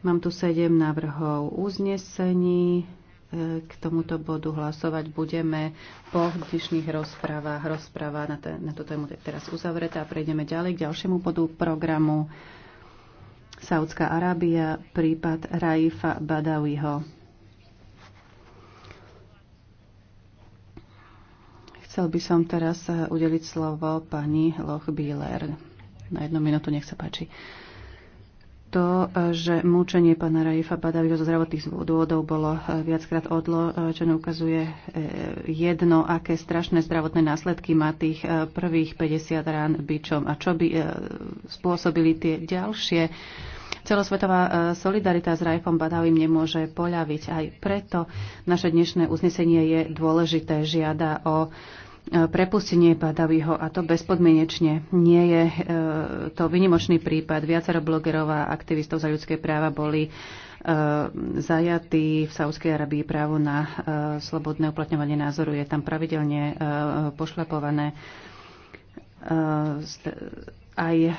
Mám tu sedem návrhov uznesení. E, k tomuto bodu hlasovať budeme po dnešných rozprávach. Rozpráva na, te, na toto tému je teraz uzavretá. Prejdeme ďalej k ďalšiemu bodu programu. Saudská Arábia, prípad Raifa Badawiho. Chcel by som teraz e, udeliť slovo pani Loch Bieler. Na jednu minútu, nech sa páči. Uh, to, že mučenie pána Raifa Badaviho zo zdravotných dôvodov bolo eh, viackrát odločené, ukazuje eh, jedno, aké strašné zdravotné následky má tých eh, prvých 50 rán byčom a čo by spôsobili tie ďalšie. Celosvetová solidarita s Rajfom Badavim nemôže poľaviť. Aj preto naše dnešné uznesenie je dôležité. Žiada o E, prepustenie Badaviho a to bezpodmienečne. Nie je e, to vynimočný prípad. Viacero blogerov a aktivistov za ľudské práva boli e, zajatí v Saudskej Arabii právo na slobodné uplatňovanie názoru je tam pravidelne pošlapované aj e,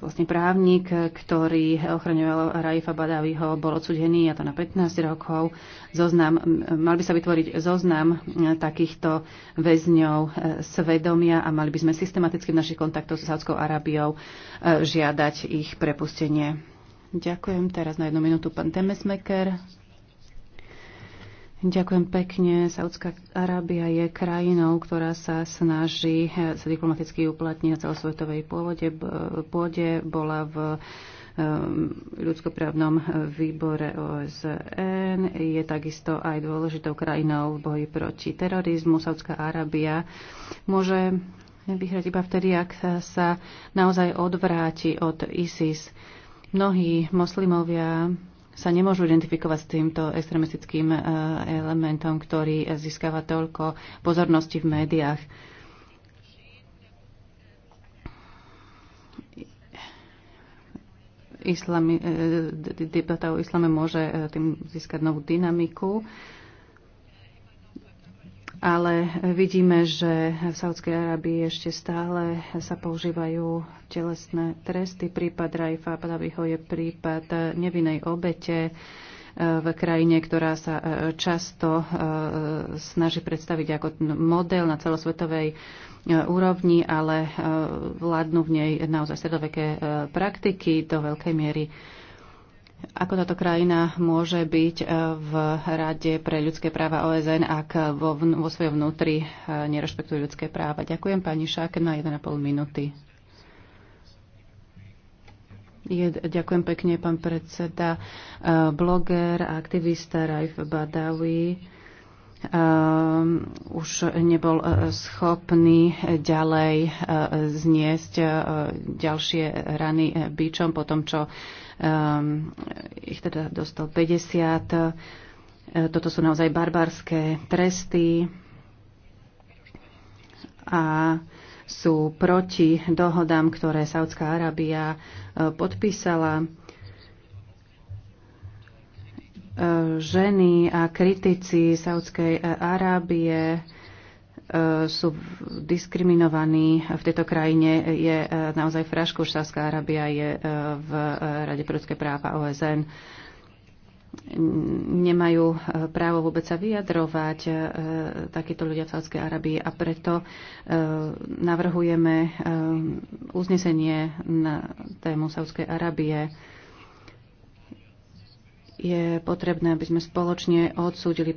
vlastne právnik, ktorý ochraňoval Raifa Badaviho, bol odsudený, a to na 15 rokov. Zoznam, mal by sa vytvoriť zoznam e, takýchto väzňov e, svedomia a mali by sme systematicky v našich kontaktoch s Sádskou Arábiou žiadať ich prepustenie. Ďakujem. Teraz na jednu minútu pán Temesmeker. Ďakujem pekne. Saudská Arábia je krajinou, ktorá sa snaží eh, sa diplomaticky uplatniť na celosvetovej pôvode. pôde. Bola v eh, ľudskoprávnom výbore OSN. Je takisto aj dôležitou krajinou v boji proti terorizmu. Saudská Arábia môže vyhrať iba vtedy, ak sa naozaj odvráti od ISIS. Mnohí moslimovia sa nemôžu identifikovať s týmto extremistickým e, elementom, ktorý získava toľko pozornosti v médiách. Islami, e, debata o islame môže e, tým získať novú dynamiku ale vidíme, že v Saudskej Arábii ešte stále sa používajú telesné tresty. Prípad Raifa Padaviho je prípad nevinnej obete e, v krajine, ktorá sa e, často e, snaží predstaviť ako model na celosvetovej úrovni, ale vládnu v nej naozaj stredoveké praktiky do veľkej miery ako táto krajina môže byť e, v Rade pre ľudské práva OSN, ak vo, vo svojom vnútri e, nerešpektuje ľudské práva? Ďakujem pani Šák na 1,5 minúty. Je, ďakujem pekne, pán predseda. E, bloger a aktivista Raif Badawi um, už nebol schopný ďalej zniesť ďalšie rany bičom po tom, čo um, ich teda dostal 50. E, toto sú naozaj barbarské tresty a sú proti dohodám, ktoré Saudská Arábia e, podpísala. E, ženy a kritici Saudskej Arábie sú diskriminovaní v tejto krajine, je e, naozaj už Sávská Arábia je e, v Rade pre ľudské práva OSN. Nemajú e, právo vôbec sa vyjadrovať takíto ľudia v Sádskej Arabii a preto navrhujeme uznesenie na tému Sádskej Arabie je potrebné, aby sme spoločne odsúdili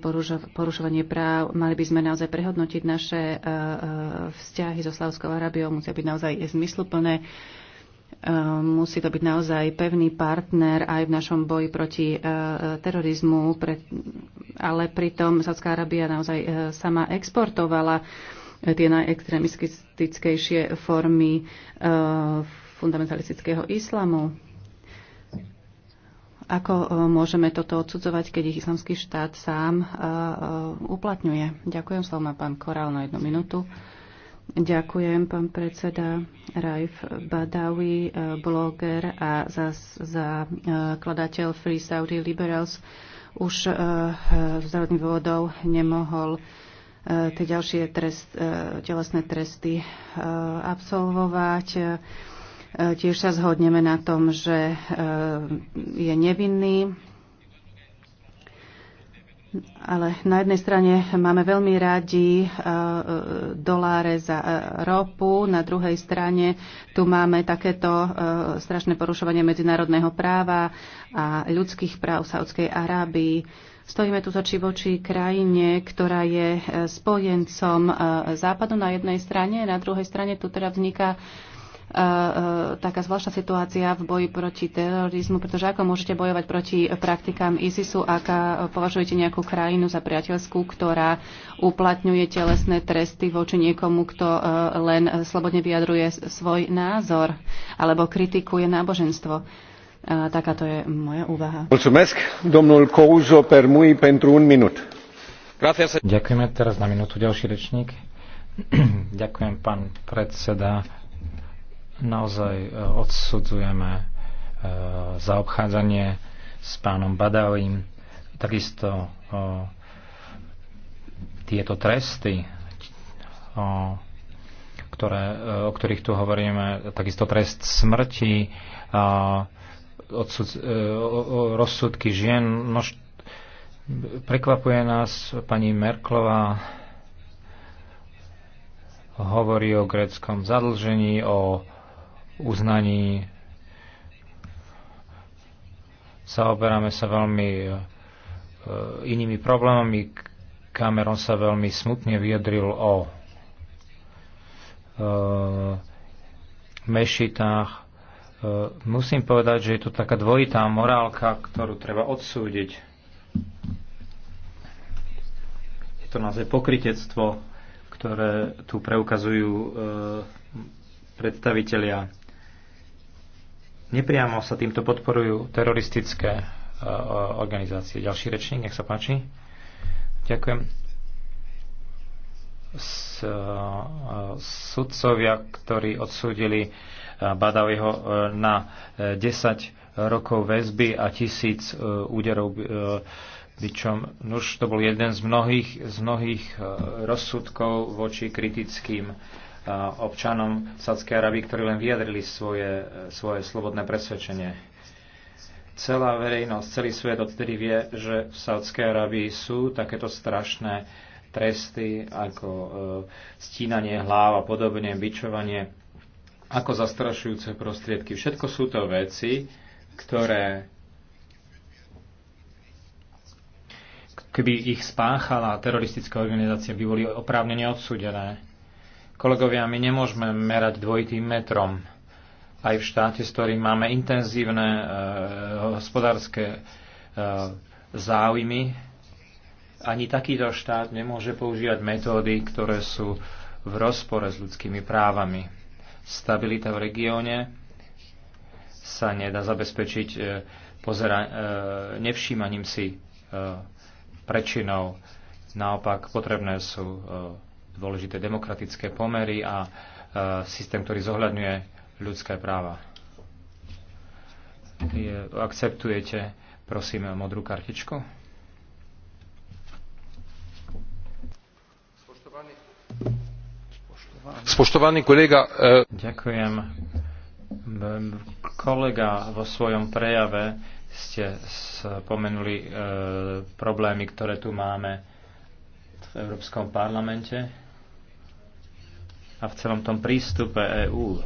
porušovanie práv. Mali by sme naozaj prehodnotiť naše eh, eh, vzťahy so Slavskou Arabiou. Musia byť naozaj zmysluplné. Eh, musí to byť naozaj pevný partner aj v našom boji proti terorizmu, ale pritom Slavská Arabia naozaj sama exportovala tie najextremistickejšie formy fundamentalistického islamu ako e, môžeme toto odsudzovať, keď ich islamský štát sám e, e, uplatňuje? Ďakujem, slovo má pán Korál na jednu minútu. Ďakujem, pán predseda Raif Badawi, bloger a za, za kladateľ Free Saudi Liberals už z zdravotných dôvodov nemohol tie ďalšie trest, telesné tresty absolvovať E, tiež sa zhodneme na tom, že e, je nevinný. Ale na jednej strane máme veľmi radi e, doláre za ropu, na druhej strane tu máme takéto strašné porušovanie medzinárodného práva a ľudských práv v Saudskej Arábii. Stojíme tu zoči voči krajine, ktorá je spojencom západu na jednej strane, na druhej strane tu teda vzniká taká zvláštna situácia v boji proti terorizmu, pretože ako môžete bojovať proti praktikám ISISu, ak považujete nejakú krajinu za priateľskú, ktorá uplatňuje telesné tresty voči niekomu, kto e, len slobodne vyjadruje svoj názor alebo kritikuje náboženstvo. E, taká to je moja úvaha. Ďakujeme teraz na minútu ďalší rečník. Ďakujem, pán predseda. Naozaj e, odsudzujeme e, zaobchádzanie s pánom Badalím. Takisto e, tieto tresty, ktoré, o ktorých tu hovoríme, takisto trest smrti, odsud, rozsudky žien. No, prekvapuje nás pani Merklová, hovorí o gréckom zadlžení, o uznaní. Zaoberáme sa veľmi e, e, inými problémami. Cameron sa veľmi smutne vyjadril o e, mešitách. Musím povedať, že je to taká dvojitá morálka, ktorú treba odsúdiť. Je to naozaj pokritectvo, ktoré tu preukazujú predstavitelia Nepriamo sa týmto podporujú teroristické e, organizácie. Ďalší rečník, nech sa páči. Ďakujem. S, e, sudcovia, ktorí odsúdili e, Badaviho na 10 rokov väzby a tisíc úderov bičom. Nuž to bol jeden z mnohých, z mnohých rozsudkov voči kritickým občanom Sadskej Arabii, ktorí len vyjadrili svoje, svoje slobodné presvedčenie. Celá verejnosť, celý svet odtedy vie, že v Sádskej Arabii sú takéto strašné tresty ako e, stínanie hlav a podobne, byčovanie. ako zastrašujúce prostriedky. Všetko sú to veci, ktoré keby ich spáchala teroristická organizácia, by boli oprávnene odsúdené. Kolegovia, my nemôžeme merať dvojitým metrom. Aj v štáte, s ktorým máme intenzívne e, hospodárske e, záujmy, ani takýto štát nemôže používať metódy, ktoré sú v rozpore s ľudskými právami. Stabilita v regióne sa nedá zabezpečiť e, pozera, e, nevšímaním si e, prečinov. Naopak potrebné sú e, dôležité demokratické pomery a e, systém, ktorý zohľadňuje ľudské práva. Akceptujete, prosím, modrú kartičku? Spoštovaný kolega... E, Ďakujem. Kolega vo svojom prejave ste spomenuli e, problémy, ktoré tu máme v Európskom parlamente a v celom tom prístupe EÚ.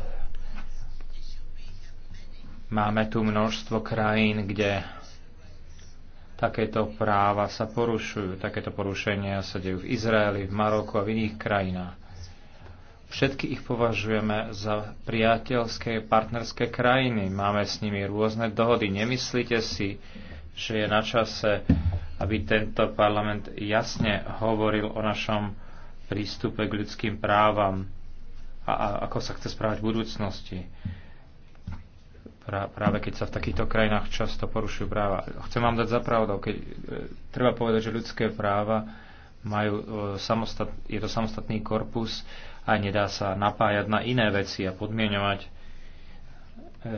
Máme tu množstvo krajín, kde takéto práva sa porušujú. Takéto porušenia sa dejú v Izraeli, v Maroku a v iných krajinách. Všetky ich považujeme za priateľské, partnerské krajiny. Máme s nimi rôzne dohody. Nemyslíte si, že je na čase, aby tento parlament jasne hovoril o našom prístupe k ľudským právam a, a ako sa chce správať v budúcnosti. Pra, práve keď sa v takýchto krajinách často porušujú práva. Chcem vám dať za pravdu, keď e, treba povedať, že ľudské práva majú, e, samostat, je to samostatný korpus a nedá sa napájať na iné veci a podmienovať e, e,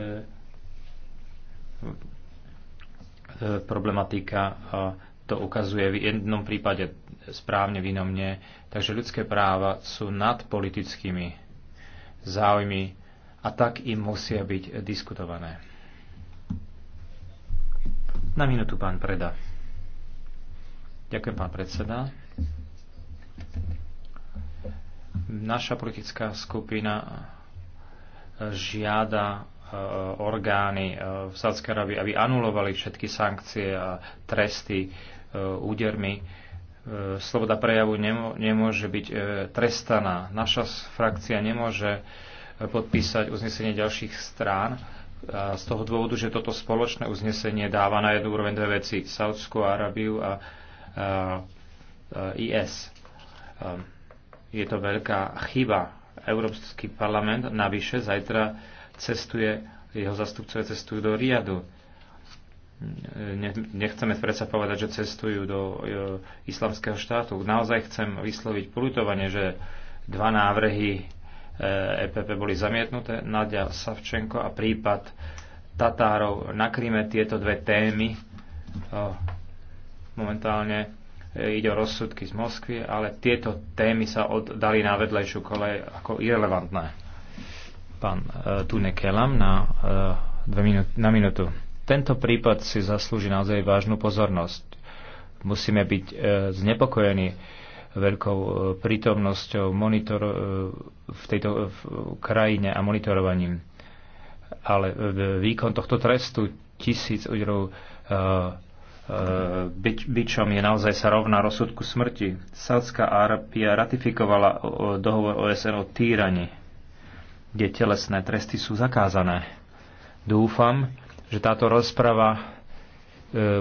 problematika a to ukazuje v jednom prípade správne, v inom nie. Takže ľudské práva sú nad politickými záujmy a tak im musia byť diskutované. Na minútu pán Preda. Ďakujem, pán predseda. Naša politická skupina žiada e, orgány e, v Sádskej Arabii, aby anulovali všetky sankcie a tresty e, údermi E, sloboda prejavu nemôže byť e, trestaná. Naša frakcia nemôže e, podpísať uznesenie ďalších strán z toho dôvodu, že toto spoločné uznesenie dáva na jednu úroveň dve veci. Saudskú Arabiu a IS. Je to veľká chyba. Európsky parlament navyše zajtra cestuje, jeho zastupcovia cestujú do Riadu nechceme predsa povedať, že cestujú do e, islamského štátu. Naozaj chcem vysloviť polutovanie, že dva návrhy EPP e boli zamietnuté, Nadia Savčenko a prípad Tatárov na Kríme tieto dve témy. E, momentálne ide o rozsudky z Moskvy, ale tieto témy sa oddali na vedlejšiu kolej ako irrelevantné. Pán Tune Kelam na, dve minút, na minútu. Tento prípad si zaslúži naozaj vážnu pozornosť. Musíme byť e, znepokojení veľkou e, prítomnosťou monitor, e, v tejto v krajine a monitorovaním. Ale e, výkon tohto trestu tisíc úderov byč, byčom je naozaj sa rovná rozsudku smrti. Sádzka Arábia ratifikovala dohovor OSN o týrani, kde telesné tresty sú zakázané. Dúfam, že táto rozprava e,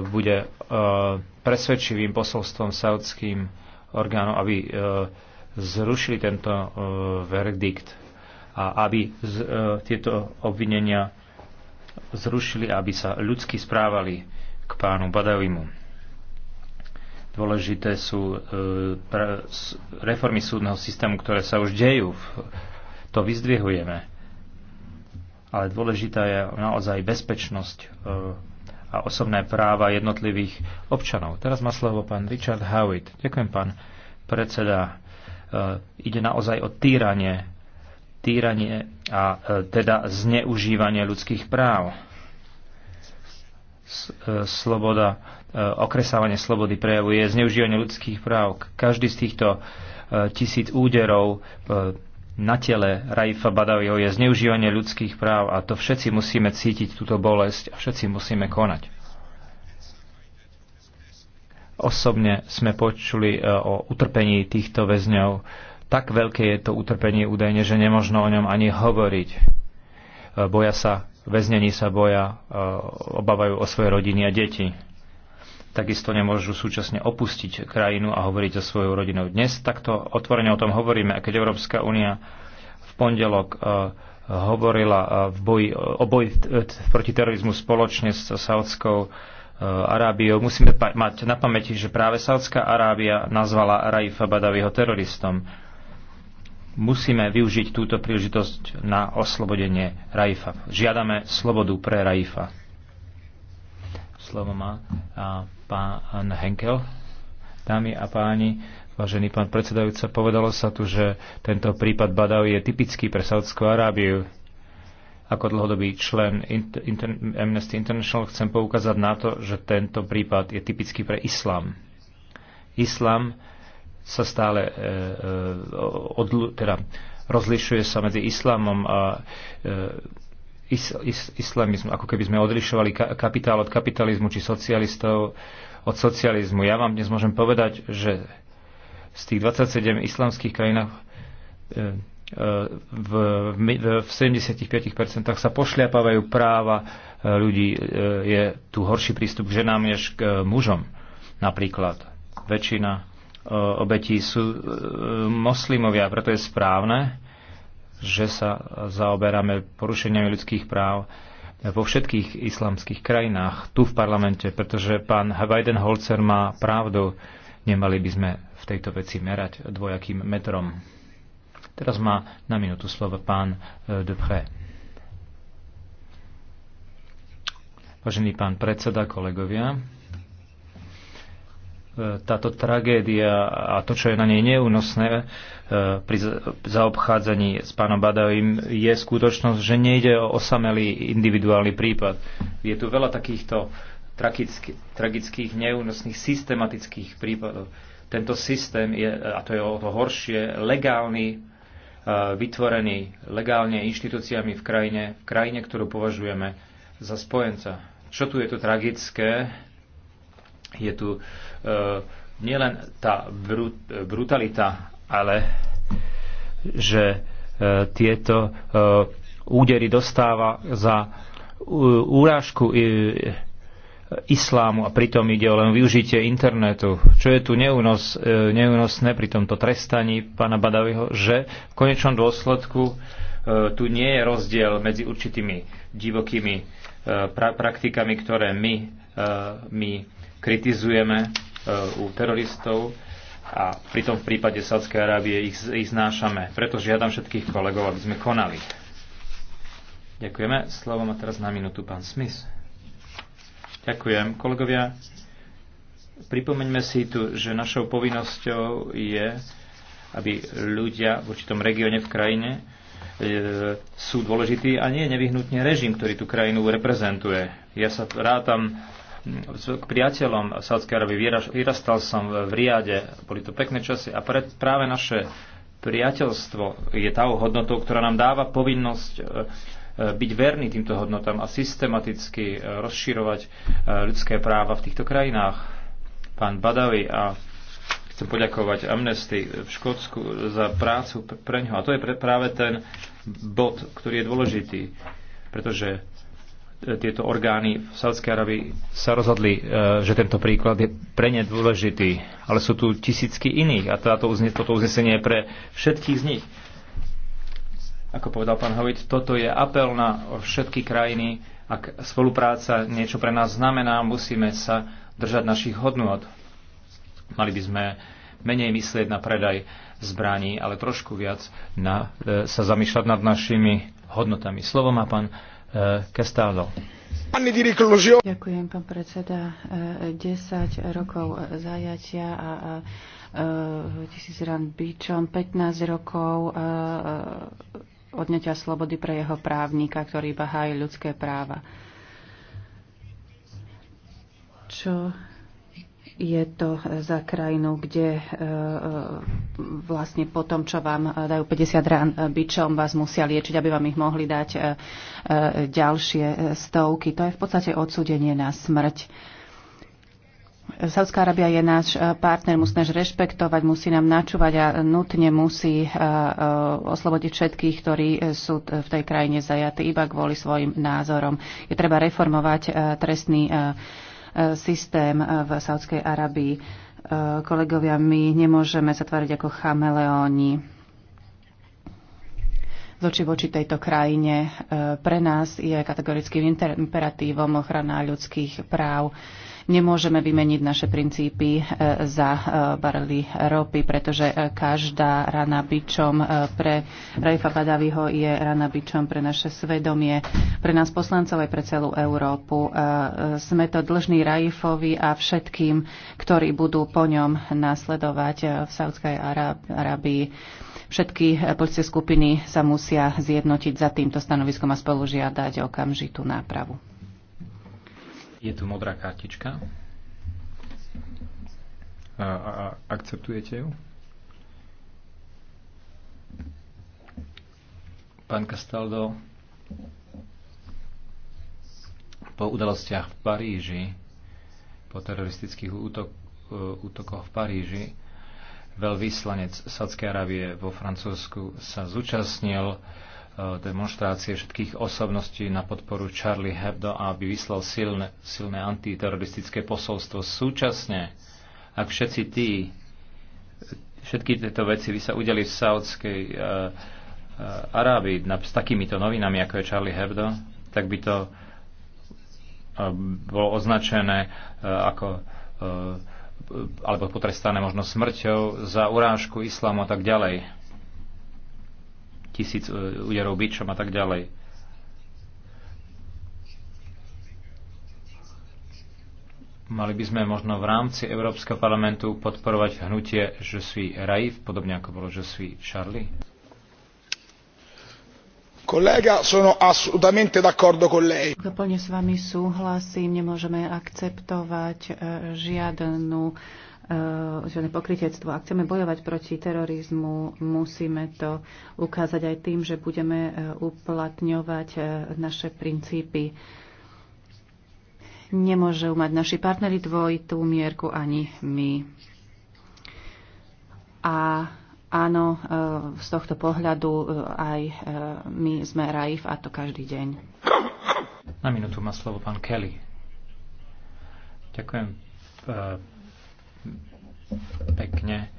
bude e, presvedčivým posolstvom saudským orgánom, aby e, zrušili tento verdikt a aby tieto obvinenia zrušili, aby sa ľudsky správali k pánu Badavimu. Dôležité sú reformy súdneho systému, ktoré sa už dejú. To vyzdvihujeme ale dôležitá je naozaj bezpečnosť e, a osobné práva jednotlivých občanov. Teraz má slovo pán Richard Howitt. Ďakujem, pán predseda. E, ide naozaj o týranie, týranie a e, teda zneužívanie ľudských práv. Sloboda, okresávanie slobody prejavu je zneužívanie ľudských práv. Každý z týchto tisíc úderov na tele Raifa Badaviho je zneužívanie ľudských práv a to všetci musíme cítiť túto bolesť a všetci musíme konať. Osobne sme počuli e, o utrpení týchto väzňov. Tak veľké je to utrpenie údajne, že nemožno o ňom ani hovoriť. E, boja sa, väznení sa boja, e, obávajú o svoje rodiny a deti takisto nemôžu súčasne opustiť krajinu a hovoriť so svojou rodinou. Dnes takto otvorene o tom hovoríme a keď Európska únia v pondelok e, hovorila e, v boji, e, o boji proti terorizmu spoločne s Saudskou Arábiou, musíme mať na pamäti, že práve Saudská Arábia nazvala Raifa Badaviho teroristom. Musíme využiť túto príležitosť na oslobodenie Raifa. Žiadame slobodu pre Raifa. Slovo má. A pán Henkel. Dámy a páni, vážený pán predsedajúca, povedalo sa tu, že tento prípad Badawi je typický pre Saudskú Arábiu. Ako dlhodobý člen Inter- Amnesty International chcem poukázať na to, že tento prípad je typický pre islám. Islám sa stále e, e, odlu- teda rozlišuje sa medzi islámom a e, is, is, islamizmu, ako keby sme odlišovali ka, kapitál od kapitalizmu či socialistov od socializmu. Ja vám dnes môžem povedať, že z tých 27 islamských krajinách eh, e, eh, v, v, v 75% sa pošliapávajú práva eh, ľudí. Je tu horší prístup k ženám než k mužom. Napríklad väčšina obetí sú moslimovia, preto je správne, že sa zaoberáme porušeniami ľudských práv vo všetkých islamských krajinách, tu v parlamente, pretože pán Weidenholzer má pravdu, nemali by sme v tejto veci merať dvojakým metrom. Teraz má na minútu slovo pán e, Dupré. Vážený pán predseda, kolegovia, táto tragédia a to, čo je na nej neúnosné e, pri zaobchádzaní s pánom Badavým, je skutočnosť, že nejde o osamelý individuálny prípad. Je tu veľa takýchto tragických, tragických neúnosných systematických prípadov. Tento systém je, a to je o to horšie, legálny, e, vytvorený legálne inštitúciami v krajine, v krajine, ktorú považujeme za spojenca. Čo tu je to tragické? Je tu e, nielen tá brut, brutalita, ale že e, tieto e, údery dostáva za e, úrážku e, islámu a pritom ide o len využitie internetu. Čo je tu neúnos, e, neúnosné pri tomto trestaní pána Badaviho, že v konečnom dôsledku tu nie je rozdiel medzi určitými divokými pra- praktikami, ktoré my, my kritizujeme e, u teroristov a pri tom v prípade Sádskej Arábie ich, ich znášame. Preto žiadam všetkých kolegov, aby sme konali. Ďakujeme. Slovo má teraz na minútu pán Smith. Ďakujem. Kolegovia, pripomeňme si tu, že našou povinnosťou je, aby ľudia v určitom regióne v krajine e, sú dôležití a nie nevyhnutne režim, ktorý tú krajinu reprezentuje. Ja sa rátam k priateľom Sádskej Arabie. Vyrastal som v Riade, boli to pekné časy a pred, práve naše priateľstvo je tá hodnotou, ktorá nám dáva povinnosť e, e, byť verný týmto hodnotám a systematicky e, rozširovať ľudské práva v týchto krajinách. Pán Badawi a chcem poďakovať Amnesty v Škótsku za prácu pre ňoho. A to je práve ten bod, ktorý je dôležitý, pretože tieto orgány v Sádskej Arabii sa rozhodli, e, že tento príklad je pre ne dôležitý, ale sú tu tisícky iných a táto, toto uznesenie je pre všetkých z nich. Ako povedal pán Hovit, toto je apel na všetky krajiny. Ak spolupráca niečo pre nás znamená, musíme sa držať našich hodnôt. Mali by sme menej myslieť na predaj zbraní, ale trošku viac na, e, sa zamýšľať nad našimi hodnotami. Slovo má pán Eh, Castaldo. Ďakujem, pán predseda. 10 eh, rokov zajatia a, eh, tisíc rán byčom, 15 rokov odňatia slobody pre jeho právnika, ktorý bahájí ľudské práva. Čo je to za krajinu, kde e, e, vlastne po tom, čo vám e, dajú 50 rán byčom, vás musia liečiť, aby vám ich mohli dať ďalšie stovky. To je v podstate odsudenie na smrť. Saudská Arábia je náš partner, nás rešpektovať, musí nám načúvať a nutne musí oslobodiť všetkých, ktorí sú v tej krajine zajatí iba kvôli svojim názorom. Je treba reformovať trestný Eh, systém eh, v Saudskej Arabii. Eh, kolegovia, my nemôžeme sa tváriť ako chameleóni Zloči voči tejto krajine. Pre nás je kategorickým imperatívom ochrana ľudských práv Nemôžeme vymeniť naše princípy e, za e, barely ropy, pretože e, každá rana bičom pre Raifa Badaviho je rana bičom pre naše svedomie, pre nás poslancov aj pre celú Európu. Sme to dlžní Raifovi a všetkým, ktorí budú po ňom nasledovať v Saudskej Arabii. Všetky poľské skupiny sa musia zjednotiť za týmto stanoviskom a spolužiadať okamžitú nápravu. Je tu modrá kartička. A, a, a akceptujete ju? Pán Castaldo, po udalostiach v Paríži, po teroristických útok, e, útokoch v Paríži, veľvyslanec Sadskej Arábie vo Francúzsku sa zúčastnil Eh, demonstrácie všetkých osobností na podporu Charlie Hebdo, aby vyslal silné, silné antiteroristické posolstvo. Súčasne, ak všetci tí, všetky tieto veci by sa udeli v Saudskej uh, uh, Arábii s takýmito novinami, ako je Charlie Hebdo, tak by to uh, bolo označené uh, ako uh, alebo potrestané možno smrťou za urážku islámu a tak ďalej tisíc e, úderov bičom a tak ďalej. Mali by sme možno v rámci Európskeho parlamentu podporovať hnutie Je suis Raif, podobne ako bolo Je suis Charlie? Kolega, sono assolutamente d'accordo con lei. Plne s vami súhlasím, nemôžeme akceptovať e, žiadnu Eh, žiadne pokritectvo. Ak chceme bojovať proti terorizmu, musíme to ukázať aj tým, že budeme eh, uplatňovať eh, naše princípy. Nemôže mať naši partneri dvojitú mierku ani my. A áno, z tohto pohľadu aj my sme raif a to každý deň. Na minútu má slovo pán Kelly. Ďakujem pekne.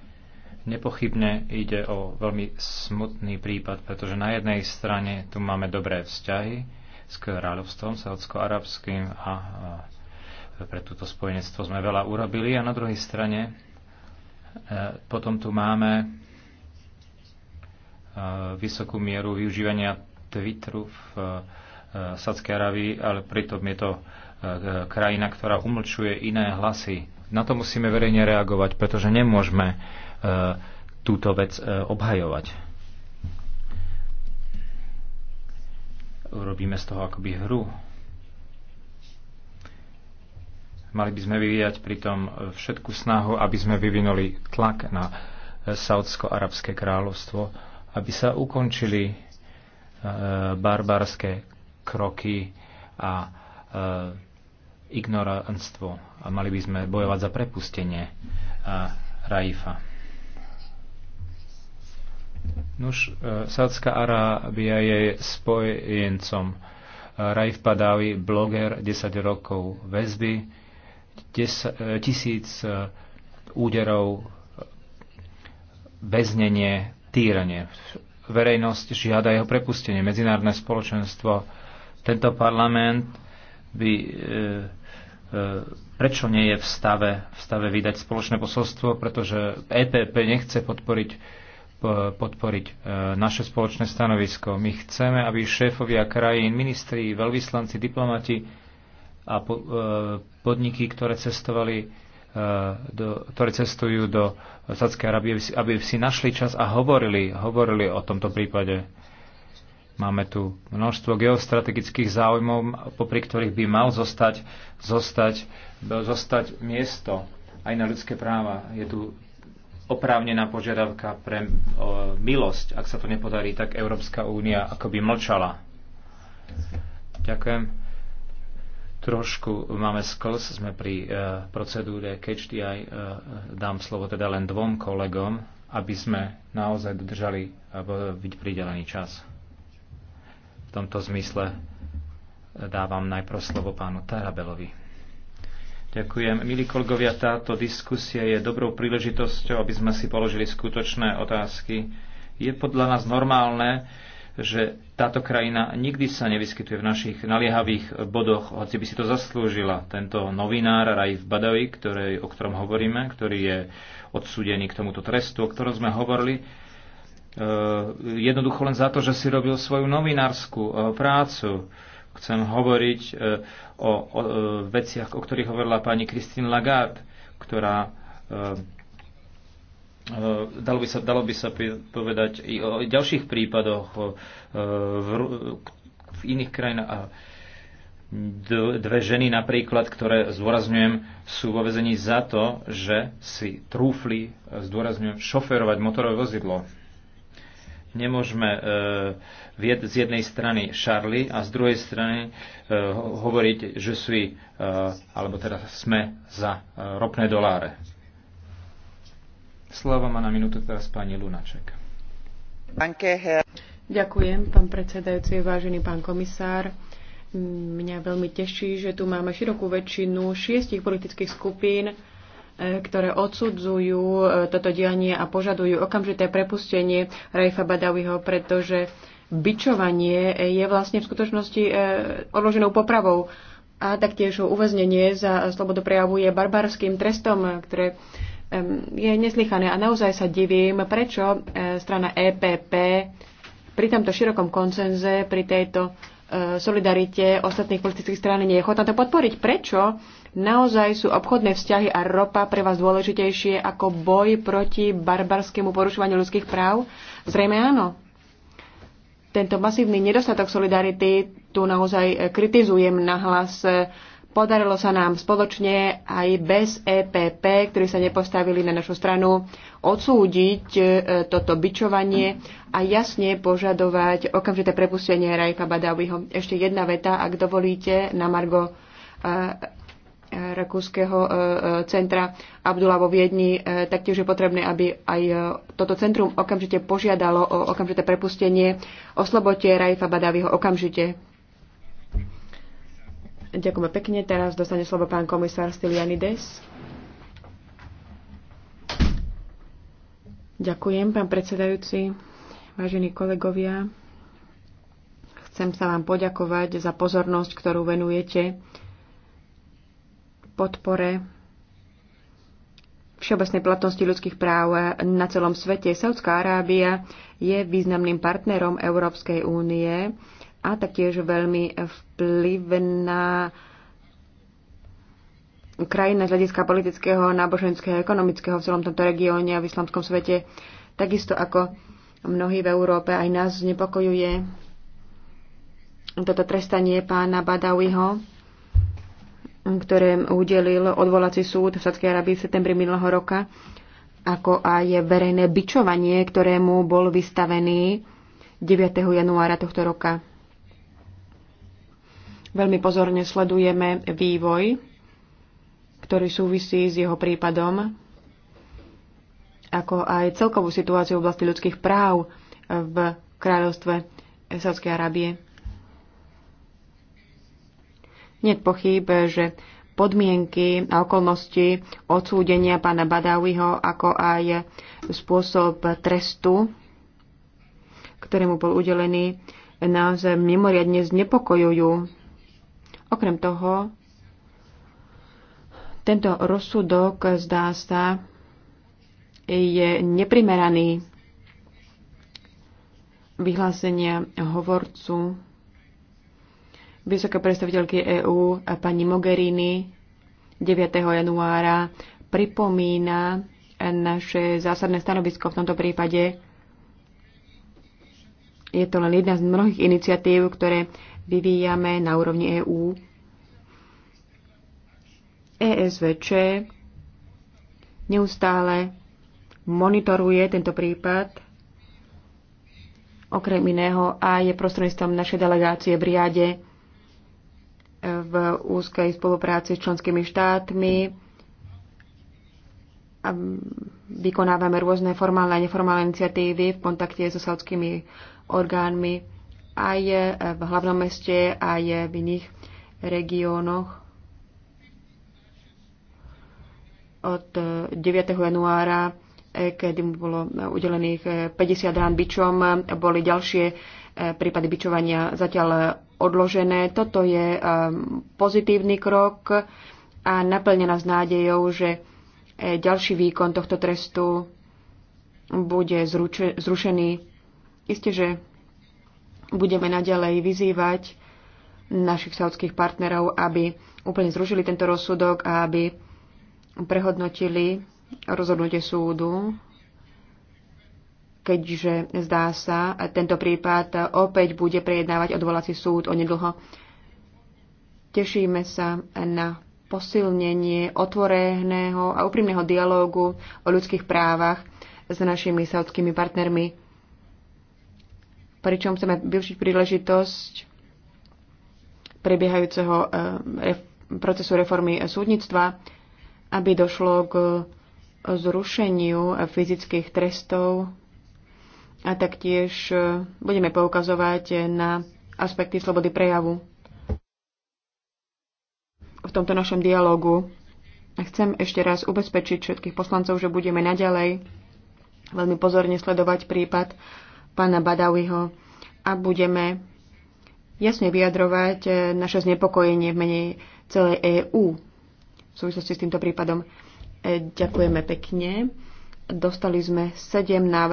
Nepochybne ide o veľmi smutný prípad, pretože na jednej strane tu máme dobré vzťahy s kráľovstvom saudsko-arabským a pre túto spojenectvo sme veľa urobili a na druhej strane e, potom tu máme e, vysokú mieru využívania Twitteru v e, Sadskej Arabii, ale pritom je to krajina, ktorá umlčuje iné hlasy na to musíme verejne reagovať, pretože nemôžeme e, túto vec e, obhajovať. Robíme z toho akoby hru. Mali by sme vyvíjať pritom e, všetku snahu, aby sme vyvinuli tlak na Saudsko-Arabské kráľovstvo, aby sa ukončili barbárske kroky a ignorantstvo a mali by sme bojovať za prepustenie Raifa. Nuž, e, Sádzka Arábia je spojencom. E, Raif Padawi, bloger, 10 rokov väzby, 10, e, tisíc úderov, väznenie, týranie. Verejnosť žiada jeho prepustenie. Medzinárodné spoločenstvo, tento parlament by e, E, prečo nie je v stave, v stave vydať spoločné posolstvo, pretože EPP nechce podporiť, podporiť e, naše spoločné stanovisko. My chceme, aby šéfovia krajín, ministri, veľvyslanci, diplomati a e, podniky, ktoré cestovali do, ktoré cestujú do Sádskej Arábie, aby si našli čas a hovorili, hovorili o tomto prípade Máme tu množstvo geostrategických záujmov, popri ktorých by mal zostať, zostať, zostať miesto aj na ľudské práva. Je tu oprávnená požiadavka pre o, milosť. Ak sa to nepodarí, tak Európska únia akoby mlčala. Ďakujem. Trošku máme skls, sme pri e, procedúre KHDI. E, dám slovo teda len dvom kolegom, aby sme naozaj dodržali e, byť pridelený čas. V tomto zmysle dávam najprv slovo pánu Tarabelovi. Ďakujem. Milí kolegovia, táto diskusia je dobrou príležitosťou, aby sme si položili skutočné otázky. Je podľa nás normálne, že táto krajina nikdy sa nevyskytuje v našich naliehavých bodoch, hoci by si to zaslúžila. Tento novinár Raif Badawi, ktorý, o ktorom hovoríme, ktorý je odsúdený k tomuto trestu, o ktorom sme hovorili, Eh, jednoducho len za to, že si robil svoju novinárskú eh, prácu. Chcem hovoriť eh, o, o veciach, o ktorých hovorila pani Christine Lagarde, ktorá dalo by sa, dalo by sa povedať i o ďalších prípadoch v, v iných krajinách. Dve ženy napríklad, ktoré zdôrazňujem, sú vo vezení za to, že si trúfli, zdôrazňujem, šoférovať motorové vozidlo. Nemôžeme e, z jednej strany šarli a z druhej strany e, hovoriť, že sú, e, alebo teda sme za ropné doláre. Slovo má na minútu teraz pani Lunaček. Ďakujem, pán predsedajúci, vážený pán komisár. Mňa veľmi teší, že tu máme širokú väčšinu šiestich politických skupín, E, ktoré odsudzujú e, toto dianie a požadujú okamžité prepustenie Raifa Badawiho, pretože byčovanie je vlastne v skutočnosti e, odloženou popravou a taktiež uväznenie za slobodu prejavu je barbarským trestom, ktoré je neslychané. A naozaj sa divím, prečo strana EPP pri tomto širokom koncenze, pri tejto solidarite ostatných politických strán nie je ochotná to podporiť. Prečo Naozaj sú obchodné vzťahy a ropa pre vás dôležitejšie ako boj proti barbarskému porušovaniu ľudských práv? Zrejme áno. Tento masívny nedostatok solidarity tu naozaj kritizujem nahlas. Podarilo sa nám spoločne aj bez EPP, ktorí sa nepostavili na našu stranu, odsúdiť e, toto bičovanie a jasne požadovať okamžité prepustenie Rajka Badaviho. Ešte jedna veta, ak dovolíte, na Margo e, rakúskeho e, e, centra Abdula vo Viedni. E, taktiež je potrebné, aby aj toto centrum okamžite požiadalo o okamžité prepustenie oslobote Raifa Badaviho okamžite. Ďakujeme pekne. Teraz dostane slovo pán komisár Stylianides. Ďakujem, pán predsedajúci, vážení kolegovia. Chcem sa vám poďakovať za pozornosť, ktorú venujete podpore všeobecnej platnosti ľudských práv na celom svete. Saudská Arábia je významným partnerom Európskej únie a taktiež veľmi vplyvná krajina z hľadiska politického, náboženského, ekonomického v celom tomto regióne a v islamskom svete, takisto ako mnohí v Európe, aj nás znepokojuje toto trestanie pána Badawiho ktoré udelil odvolací súd v Sadskej Arabii v septembri minulého roka, ako aj verejné byčovanie, ktorému bol vystavený 9. januára tohto roka. Veľmi pozorne sledujeme vývoj, ktorý súvisí s jeho prípadom, ako aj celkovú situáciu v oblasti ľudských práv v kráľovstve Sádskej Arábie. Nie pochyb, že podmienky a okolnosti odsúdenia pána Badawiho, ako aj spôsob trestu, ktorému bol udelený, nás mimoriadne znepokojujú. Okrem toho, tento rozsudok, zdá sa, je neprimeraný vyhlásenia hovorcu vysoké predstaviteľky EÚ pani Mogherini 9. januára pripomína naše zásadné stanovisko v tomto prípade. Je to len jedna z mnohých iniciatív, ktoré vyvíjame na úrovni EÚ. ESVČ neustále monitoruje tento prípad, okrem iného a je prostredníctvom našej delegácie v Riade v úzkej spolupráci s členskými štátmi a vykonávame rôzne formálne a neformálne iniciatívy v kontakte so saudskými orgánmi aj v hlavnom meste, aj v iných regiónoch. Od 9. januára, kedy mu bolo udelených 50 rán bičom, boli ďalšie E, prípady byčovania zatiaľ odložené. Toto je e, pozitívny krok a naplňa nás nádejou, že e, ďalší výkon tohto trestu bude zrušený. Isté, že budeme naďalej vyzývať našich saudských partnerov, aby úplne zrušili tento rozsudok a aby prehodnotili rozhodnutie súdu keďže zdá sa, tento prípad opäť bude prejednávať odvolací súd onedlho. Tešíme sa na posilnenie otvoreného a úprimného dialógu o ľudských právach s našimi saudskými partnermi, pričom chceme využiť príležitosť prebiehajúceho eh, procesu reformy súdnictva, aby došlo k zrušeniu fyzických trestov a taktiež e, budeme poukazovať na aspekty slobody prejavu v tomto našom dialogu. Chcem ešte raz ubezpečiť všetkých poslancov, že budeme naďalej veľmi pozorne sledovať prípad pána Badawiho a budeme jasne vyjadrovať e, naše znepokojenie v mene celej EÚ v súvislosti s týmto prípadom. E, ďakujeme pekne. Dostali sme sedem návrhov.